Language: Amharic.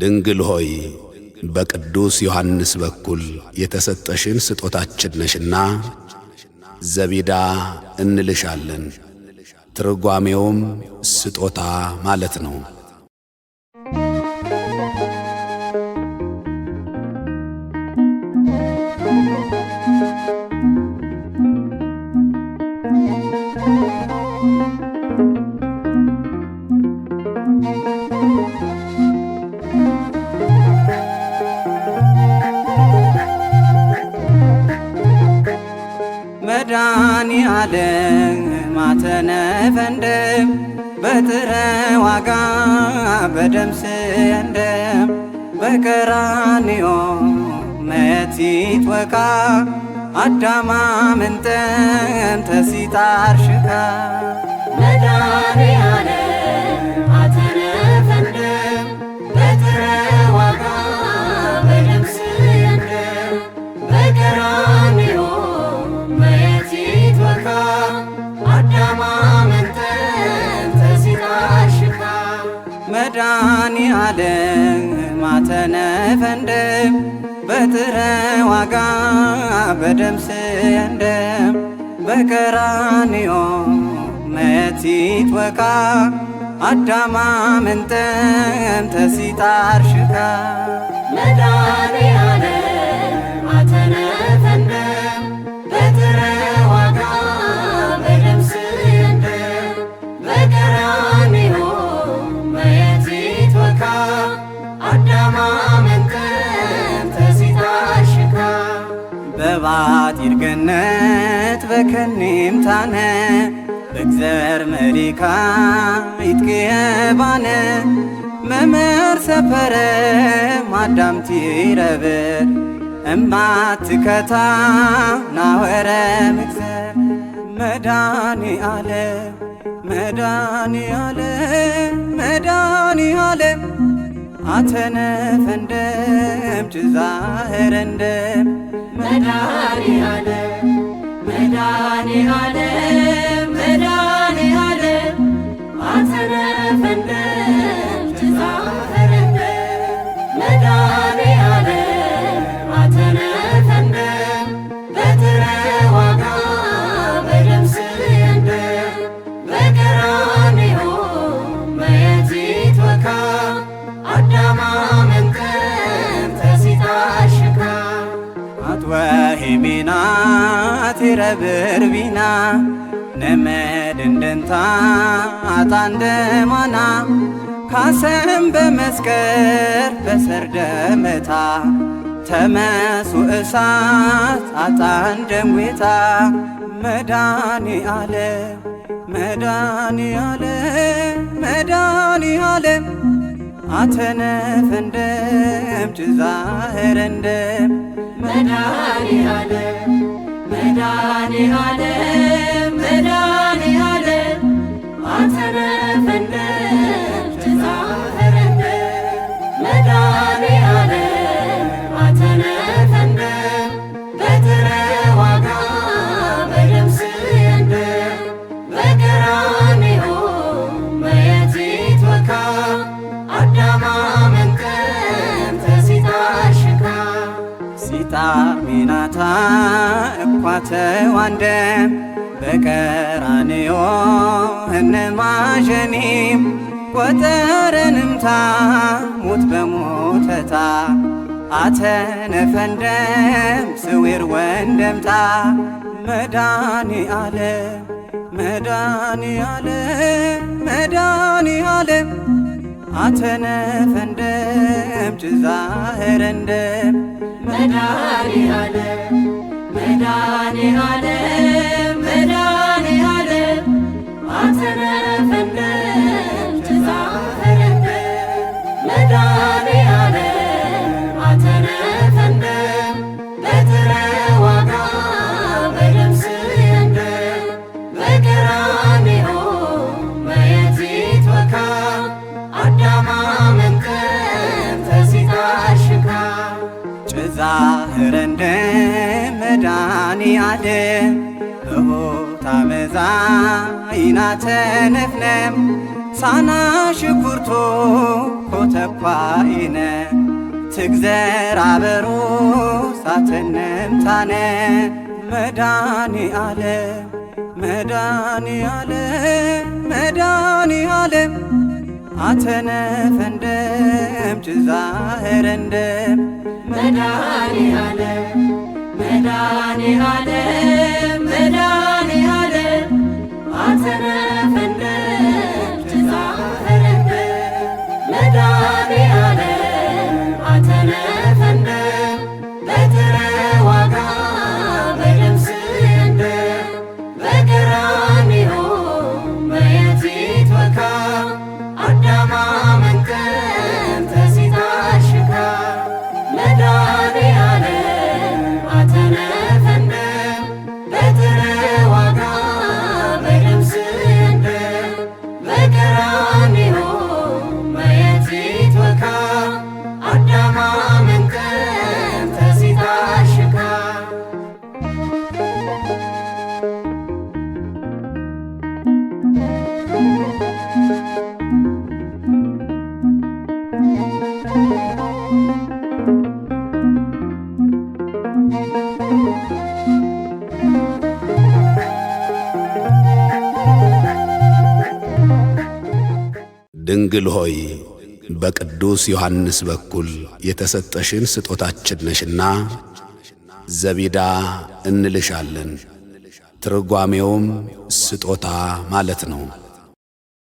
ድንግል ሆይ በቅዱስ ዮሐንስ በኩል የተሰጠሽን ስጦታችን ነሽና ዘቢዳ እንልሻለን። ትርጓሜውም ስጦታ ማለት ነው። ዓለም አተነፈንደም በጥረ ዋጋ በደም ስንደም በቀራንዮ መቲት ወቃ አዳማ ምንጠም መድኃኔዓለም ማተነ ፈንድም በትረ ዋጋ በደም ስየንደም በቀራንዮ መቲት ወቃ አዳማ ምንተም ተሲጣርሽካ መድኃኔዓለም ማተነ ኃጢር ገነት በከኒም ታነ በእግዘር መሪካ ይትቅየባነ መምህር ሰፈረ ማዳምቲ ረብር እማትከታ ናወረ ምግዘር መዳኒ አለ መዳኒ አለ መዳኒ አለ አተነ ፈንደም መድኃኒዓለም መድኃኒዓለም መድኃኒዓለም አተረፈነ ተዛፈረነ ቢና ትረብር ቢና ነመድ እንደንታ አታንደማና ካሰም በመስከር በሰርደመታ ተመሱ እሳት አጣን ደምዌታ መዳኒ አለ መዳኒ አለ መዳኒ አለ አተነፈ እንደም ጭዛህረ እንደም መድኃኔ ዓለም ጣር ሚናታ እኳተው አንደ በቀራንዮ እነማሸኒ ቈጠረንምታ ሙት በሞተታ አተነፈንደም ስዊር ወንደምታ መዳኒ አለ መዳኒ አለ መዳኒ አለ አተነ ፈንደም ጭዛህረንደም መድኃኔ ዓለም መድኃኔ ዓለም መድኃኔ እንደ መዳኒ ዓለም በቦታ መዛይና ተነፍነም ሳና ሽኩርቶ ኮተኳኢነ ትግዘር አበሮ ሳተነምታነ መዳኒ ዓለም መዳኒ ዓለም መዳኒ ዓለም አተነፈንደም ፈንደም ጭዛህረንደም መድኃኒዓለም መድኃኒዓለም መድኃኒዓለም አንተ ድንግል ሆይ በቅዱስ ዮሐንስ በኩል የተሰጠሽን ስጦታችን ነሽና ዘቢዳ እንልሻለን። ትርጓሜውም ስጦታ ማለት ነው።